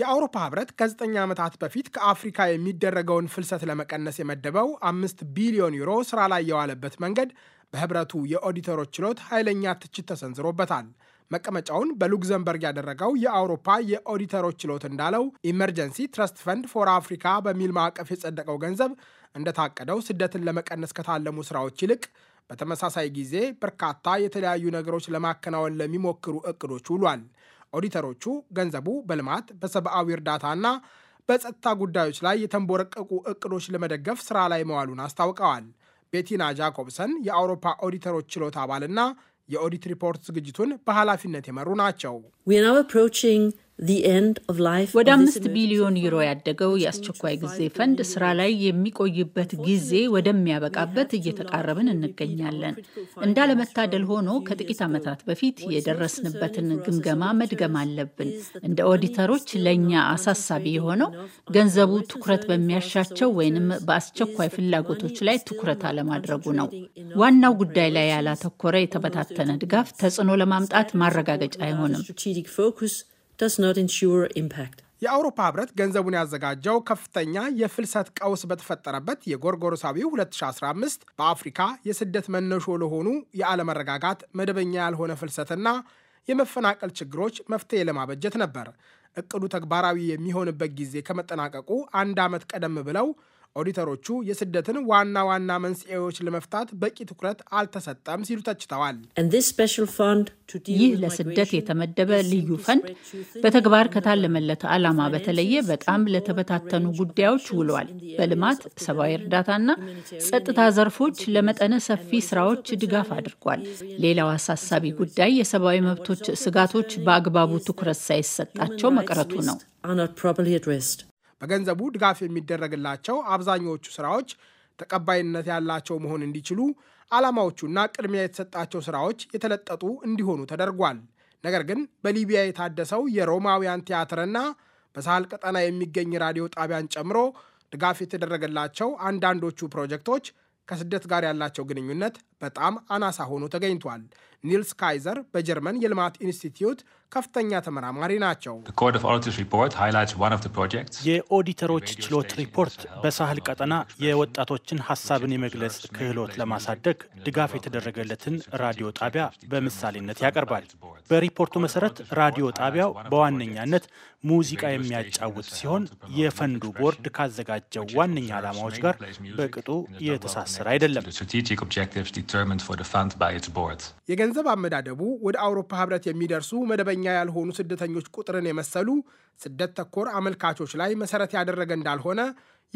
የአውሮፓ ህብረት ከ9 ዓመታት በፊት ከአፍሪካ የሚደረገውን ፍልሰት ለመቀነስ የመደበው አምስት ቢሊዮን ዩሮ ስራ ላይ የዋለበት መንገድ በህብረቱ የኦዲተሮች ችሎት ኃይለኛ ትችት ተሰንዝሮበታል። መቀመጫውን በሉክዘምበርግ ያደረገው የአውሮፓ የኦዲተሮች ችሎት እንዳለው ኢመርጀንሲ ትረስት ፈንድ ፎር አፍሪካ በሚል ማዕቀፍ የጸደቀው ገንዘብ እንደታቀደው ስደትን ለመቀነስ ከታለሙ ስራዎች ይልቅ በተመሳሳይ ጊዜ በርካታ የተለያዩ ነገሮች ለማከናወን ለሚሞክሩ እቅዶች ውሏል። ኦዲተሮቹ ገንዘቡ በልማት በሰብአዊ እርዳታና በጸጥታ ጉዳዮች ላይ የተንቦረቀቁ እቅዶች ለመደገፍ ስራ ላይ መዋሉን አስታውቀዋል። ቤቲና ጃኮብሰን የአውሮፓ ኦዲተሮች ችሎት አባልና የኦዲት ሪፖርት ዝግጅቱን በኃላፊነት የመሩ ናቸው። ወደ አምስት ቢሊዮን ዩሮ ያደገው የአስቸኳይ ጊዜ ፈንድ ስራ ላይ የሚቆይበት ጊዜ ወደሚያበቃበት እየተቃረብን እንገኛለን። እንዳለመታደል ሆኖ ከጥቂት ዓመታት በፊት የደረስንበትን ግምገማ መድገም አለብን። እንደ ኦዲተሮች ለእኛ አሳሳቢ የሆነው ገንዘቡ ትኩረት በሚያሻቸው ወይንም በአስቸኳይ ፍላጎቶች ላይ ትኩረት አለማድረጉ ነው። ዋናው ጉዳይ ላይ ያላተኮረ የተበታተነ ድጋፍ ተጽዕኖ ለማምጣት ማረጋገጫ አይሆንም። does not ensure impact። የአውሮፓ ህብረት ገንዘቡን ያዘጋጀው ከፍተኛ የፍልሰት ቀውስ በተፈጠረበት የጎርጎሮሳዊው 2015 በአፍሪካ የስደት መነሾ ለሆኑ የአለመረጋጋት፣ መደበኛ ያልሆነ ፍልሰትና የመፈናቀል ችግሮች መፍትሄ ለማበጀት ነበር። እቅዱ ተግባራዊ የሚሆንበት ጊዜ ከመጠናቀቁ አንድ ዓመት ቀደም ብለው ኦዲተሮቹ የስደትን ዋና ዋና መንስኤዎች ለመፍታት በቂ ትኩረት አልተሰጠም ሲሉ ተችተዋል። ይህ ለስደት የተመደበ ልዩ ፈንድ በተግባር ከታለመለት ዓላማ በተለየ በጣም ለተበታተኑ ጉዳዮች ውሏል። በልማት ሰብአዊ እርዳታና ጸጥታ ዘርፎች ለመጠነ ሰፊ ስራዎች ድጋፍ አድርጓል። ሌላው አሳሳቢ ጉዳይ የሰብአዊ መብቶች ስጋቶች በአግባቡ ትኩረት ሳይሰጣቸው መቅረቱ ነው። በገንዘቡ ድጋፍ የሚደረግላቸው አብዛኛዎቹ ስራዎች ተቀባይነት ያላቸው መሆን እንዲችሉ ዓላማዎቹና ቅድሚያ የተሰጣቸው ስራዎች የተለጠጡ እንዲሆኑ ተደርጓል። ነገር ግን በሊቢያ የታደሰው የሮማውያን ቲያትርና በሳህል ቀጠና የሚገኝ ራዲዮ ጣቢያን ጨምሮ ድጋፍ የተደረገላቸው አንዳንዶቹ ፕሮጀክቶች ከስደት ጋር ያላቸው ግንኙነት በጣም አናሳ ሆኖ ተገኝቷል። ኒልስ ካይዘር በጀርመን የልማት ኢንስቲትዩት ከፍተኛ ተመራማሪ ናቸው። የኦዲተሮች ችሎት ሪፖርት በሳህል ቀጠና የወጣቶችን ሀሳብን የመግለጽ ክህሎት ለማሳደግ ድጋፍ የተደረገለትን ራዲዮ ጣቢያ በምሳሌነት ያቀርባል። በሪፖርቱ መሰረት ራዲዮ ጣቢያው በዋነኛነት ሙዚቃ የሚያጫውት ሲሆን የፈንዱ ቦርድ ካዘጋጀው ዋነኛ ዓላማዎች ጋር በቅጡ የተሳሰረ አይደለም። የገንዘብ አመዳደቡ ወደ አውሮፓ ሕብረት የሚደርሱ መደበኛ ያልሆኑ ስደተኞች ቁጥርን የመሰሉ ስደት ተኮር አመልካቾች ላይ መሰረት ያደረገ እንዳልሆነ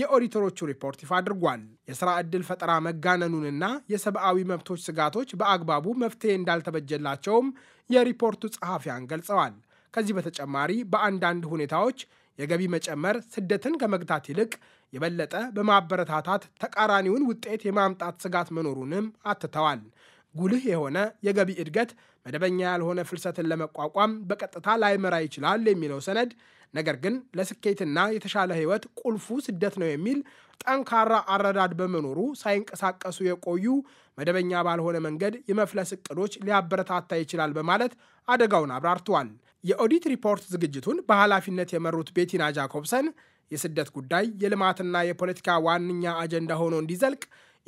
የኦዲተሮቹ ሪፖርት ይፋ አድርጓል። የሥራ ዕድል ፈጠራ መጋነኑንና የሰብአዊ መብቶች ስጋቶች በአግባቡ መፍትሄ እንዳልተበጀላቸውም የሪፖርቱ ጸሐፊያን ገልጸዋል። ከዚህ በተጨማሪ በአንዳንድ ሁኔታዎች የገቢ መጨመር ስደትን ከመግታት ይልቅ የበለጠ በማበረታታት ተቃራኒውን ውጤት የማምጣት ስጋት መኖሩንም አትተዋል። ጉልህ የሆነ የገቢ እድገት መደበኛ ያልሆነ ፍልሰትን ለመቋቋም በቀጥታ ላይመራ ይችላል የሚለው ሰነድ ነገር ግን ለስኬትና የተሻለ ሕይወት ቁልፉ ስደት ነው የሚል ጠንካራ አረዳድ በመኖሩ ሳይንቀሳቀሱ የቆዩ መደበኛ ባልሆነ መንገድ የመፍለስ እቅዶች ሊያበረታታ ይችላል በማለት አደጋውን አብራርተዋል። የኦዲት ሪፖርት ዝግጅቱን በኃላፊነት የመሩት ቤቲና ጃኮብሰን የስደት ጉዳይ የልማትና የፖለቲካ ዋነኛ አጀንዳ ሆኖ እንዲዘልቅ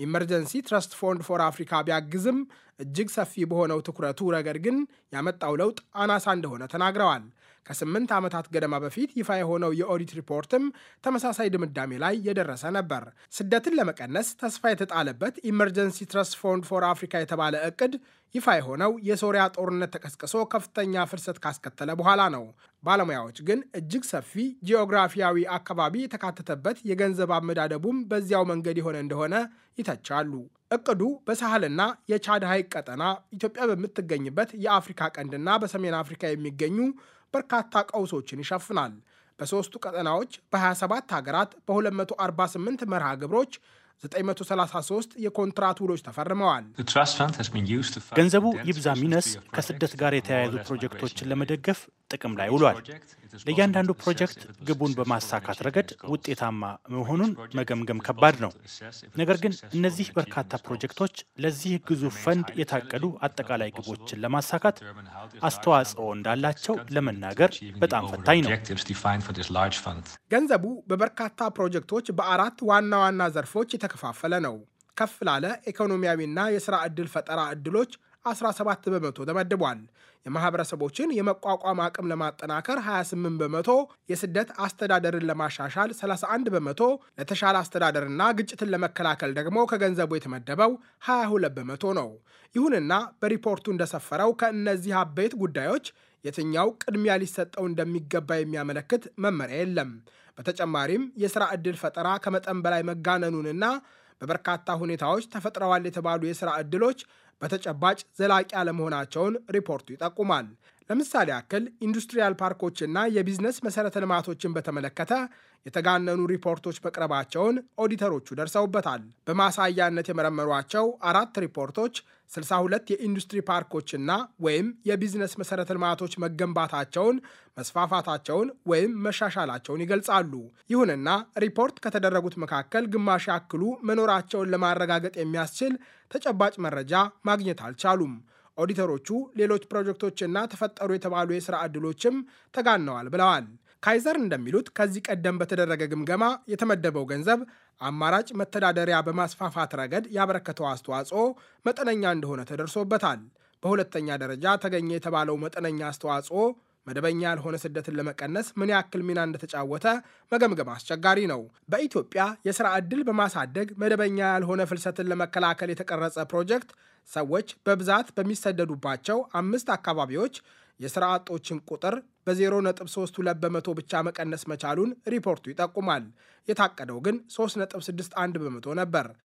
ኢመርጀንሲ ትረስት ፎንድ ፎር አፍሪካ ቢያግዝም እጅግ ሰፊ በሆነው ትኩረቱ ረገድ ግን ያመጣው ለውጥ አናሳ እንደሆነ ተናግረዋል። ከስምንት ዓመታት ገደማ በፊት ይፋ የሆነው የኦዲት ሪፖርትም ተመሳሳይ ድምዳሜ ላይ የደረሰ ነበር። ስደትን ለመቀነስ ተስፋ የተጣለበት ኢመርጀንሲ ትረስት ፎንድ ፎር አፍሪካ የተባለ እቅድ ይፋ የሆነው የሶሪያ ጦርነት ተቀስቅሶ ከፍተኛ ፍልሰት ካስከተለ በኋላ ነው። ባለሙያዎች ግን እጅግ ሰፊ ጂኦግራፊያዊ አካባቢ የተካተተበት የገንዘብ አመዳደቡም በዚያው መንገድ የሆነ እንደሆነ ይተቻሉ። እቅዱ በሳህልና የቻድ ሐይቅ ቀጠና ኢትዮጵያ በምትገኝበት የአፍሪካ ቀንድና በሰሜን አፍሪካ የሚገኙ በርካታ ቀውሶችን ይሸፍናል። በሦስቱ ቀጠናዎች በ27 ሀገራት በ248 መርሃ ግብሮች 933 የኮንትራት ውሎች ተፈርመዋል። ገንዘቡ ይብዛ ሚነስ ከስደት ጋር የተያያዙ ፕሮጀክቶችን ለመደገፍ ጥቅም ላይ ውሏል። ለእያንዳንዱ ፕሮጀክት ግቡን በማሳካት ረገድ ውጤታማ መሆኑን መገምገም ከባድ ነው። ነገር ግን እነዚህ በርካታ ፕሮጀክቶች ለዚህ ግዙፍ ፈንድ የታቀዱ አጠቃላይ ግቦችን ለማሳካት አስተዋጽኦ እንዳላቸው ለመናገር በጣም ፈታኝ ነው። ገንዘቡ በበርካታ ፕሮጀክቶች በአራት ዋና ዋና ዘርፎች የተከፋፈለ ነው። ከፍ ላለ ኢኮኖሚያዊና የሥራ ዕድል ፈጠራ ዕድሎች 17 በመቶ ተመድቧል። የማህበረሰቦችን የመቋቋም አቅም ለማጠናከር 28 በመቶ፣ የስደት አስተዳደርን ለማሻሻል 31 በመቶ፣ ለተሻለ አስተዳደርና ግጭትን ለመከላከል ደግሞ ከገንዘቡ የተመደበው 22 በመቶ ነው። ይሁንና በሪፖርቱ እንደሰፈረው ከእነዚህ አበይት ጉዳዮች የትኛው ቅድሚያ ሊሰጠው እንደሚገባ የሚያመለክት መመሪያ የለም። በተጨማሪም የሥራ ዕድል ፈጠራ ከመጠን በላይ መጋነኑንና በበርካታ ሁኔታዎች ተፈጥረዋል የተባሉ የሥራ ዕድሎች በተጨባጭ ዘላቂ አለመሆናቸውን ሪፖርቱ ይጠቁማል። ለምሳሌ ያክል ኢንዱስትሪያል ፓርኮችና የቢዝነስ መሰረተ ልማቶችን በተመለከተ የተጋነኑ ሪፖርቶች መቅረባቸውን ኦዲተሮቹ ደርሰውበታል። በማሳያነት የመረመሯቸው አራት ሪፖርቶች 62 የኢንዱስትሪ ፓርኮችና ወይም የቢዝነስ መሰረተ ልማቶች መገንባታቸውን፣ መስፋፋታቸውን ወይም መሻሻላቸውን ይገልጻሉ። ይሁንና ሪፖርት ከተደረጉት መካከል ግማሽ ያክሉ መኖራቸውን ለማረጋገጥ የሚያስችል ተጨባጭ መረጃ ማግኘት አልቻሉም። ኦዲተሮቹ ሌሎች ፕሮጀክቶችና ተፈጠሩ የተባሉ የሥራ ዕድሎችም ተጋነዋል ብለዋል። ካይዘር እንደሚሉት ከዚህ ቀደም በተደረገ ግምገማ የተመደበው ገንዘብ አማራጭ መተዳደሪያ በማስፋፋት ረገድ ያበረከተው አስተዋጽኦ መጠነኛ እንደሆነ ተደርሶበታል። በሁለተኛ ደረጃ ተገኘ የተባለው መጠነኛ አስተዋጽኦ መደበኛ ያልሆነ ስደትን ለመቀነስ ምን ያክል ሚና እንደተጫወተ መገምገም አስቸጋሪ ነው። በኢትዮጵያ የሥራ ዕድል በማሳደግ መደበኛ ያልሆነ ፍልሰትን ለመከላከል የተቀረጸ ፕሮጀክት ሰዎች በብዛት በሚሰደዱባቸው አምስት አካባቢዎች የሥራ አጦችን ቁጥር በ0.32 በመቶ ብቻ መቀነስ መቻሉን ሪፖርቱ ይጠቁማል። የታቀደው ግን 3.61 በመቶ ነበር።